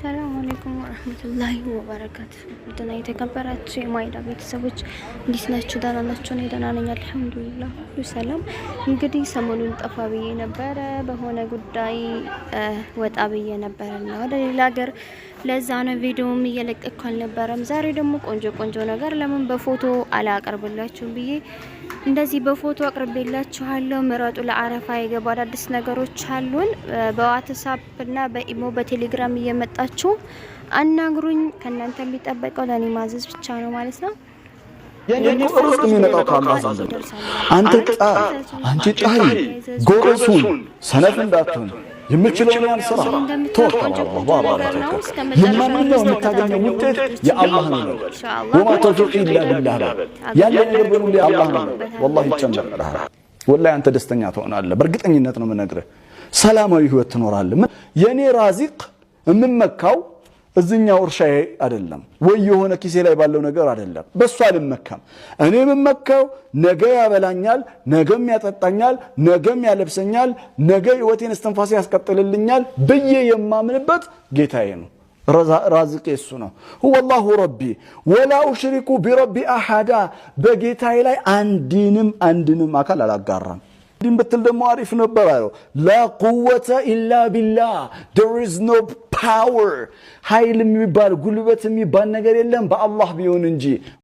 ሰላም አለይኩም ወረህመቱላሂ ወበረካቱ። ደህና የተከበራችሁ የማይዳ ቤተሰቦች እንዴት ናችሁ? ደህና ናችሁ? እኔ ደህና ነኝ፣ አልሐምዱሊላህ ሁሉ ሰላም። እንግዲህ ሰሞኑን ጠፋ ብዬ ነበረ፣ በሆነ ጉዳይ ወጣ ብዬ ነበረ እና ወደ ሌላ ሀገር፣ ለዛ ነው ቪዲዮም እየለቀቅኩ አልነበረም። ዛሬ ደግሞ ቆንጆ ቆንጆ ነገር ለምን በፎቶ አላቀርብላችሁም ብዬ እንደዚህ በፎቶ አቅርቤላችኋለሁ። ምረጡ። ለአረፋ የገቡ አዳዲስ ነገሮች አሉን። በዋትሳፕ እና በኢሞ በቴሌግራም እየመጣ ካላችሁ አናግሩኝ። ከእናንተ የሚጠበቀው ለእኔ ማዘዝ ብቻ ነው ማለት ነው። አንተ ጣ አንቺ ጣሪ ጎረሱን ሰነፍ እንዳትሆን የምችለውን ስራ ተወከል። የማንኛው የምታገኘው ውጤት የአላህ ነው። ወማ ተውፊቅ ኢላ ቢላህ ያለ ነገር በሙሉ የአላህ ነው። ወላሂ ይጨመርልሃል። ወላሂ አንተ ደስተኛ ትሆናለህ። በእርግጠኝነት ነው የምነግርህ። ሰላማዊ ህይወት ትኖራለህ። የኔ ራዚቅ የምመካው እዝኛው እርሻዬ አይደለም ወይ የሆነ ኪሴ ላይ ባለው ነገር አይደለም። በሱ አልመካም። እኔ የምመካው ነገ ያበላኛል፣ ነገም ያጠጣኛል፣ ነገም ያለብሰኛል፣ ነገ ህይወቴን እስትንፋሴ ያስቀጥልልኛል ብዬ የማምንበት ጌታዬ ነው። ራዝቄ እሱ ነው። ሁወ ረቢ ወላ ኡሽሪኩ ቢረቢ አሓዳ። በጌታዬ ላይ አንድንም አንድንም አካል አላጋራም። እንዲህ ብትል ደግሞ አሪፍ ነበር አለው። ላ ቁወተ ኢላ ቢላ ዴር ኢዝ ኖ ፓወር ኃይል የሚባል ጉልበት የሚባል ነገር የለም በአላህ ቢሆን እንጂ